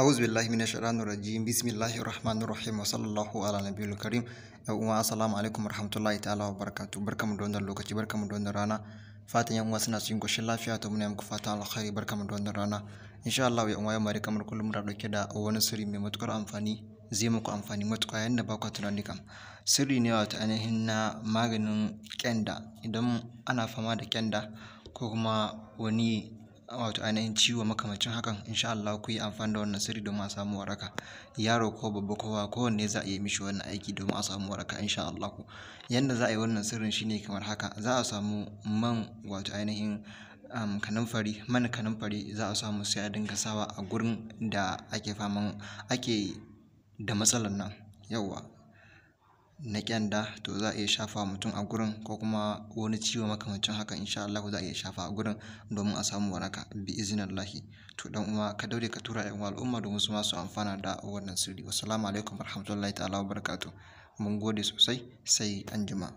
auzu billahi minash shaitanir rajim rahim wa sallallahu ala nabiyil karim ya uwa alaikum warahmatullahi ta'ala wa barkamu da lokaci barkamu da wannan rana fatan yan uwa suna cikin koshin lafiya to muna muku fatan alkhari barkamu da wannan rana insha Allah ya uwa yamma kamar kullum muna dauke da wani sirri mai matukar amfani zai muku amfani matuƙa yan da baku ku tunani sirri ne wato ainihin na maganin kyanda idan ana fama da kyanda ko kuma wani wato ainihin ciwo makamacin hakan insha Allah ku yi amfani da wannan sirri domin a samu waraka yaro ko babba kowa kowanne za a yi mishi wannan aiki domin a samu waraka insha Allah yanda za a yi wannan sirrin shine kamar haka za a samu man wato ainihin um, kanumfari man kanumfari za a samu sai a dinga sawa a gurin da ake faman ake da matsalar nan yauwa na ƙyanda to za a iya shafa mutum a gurin ko kuma wani ciwo makamancin haka insha Allah za a iya shafa a gurin domin a samu waraka bi iznillahi to dan uwa ka daure ka tura ɗan al'umma domin su ma su amfana da wannan sirri wassalamu alaikum warahmatullahi ta'ala wabarakatuh mun gode sosai sai anjima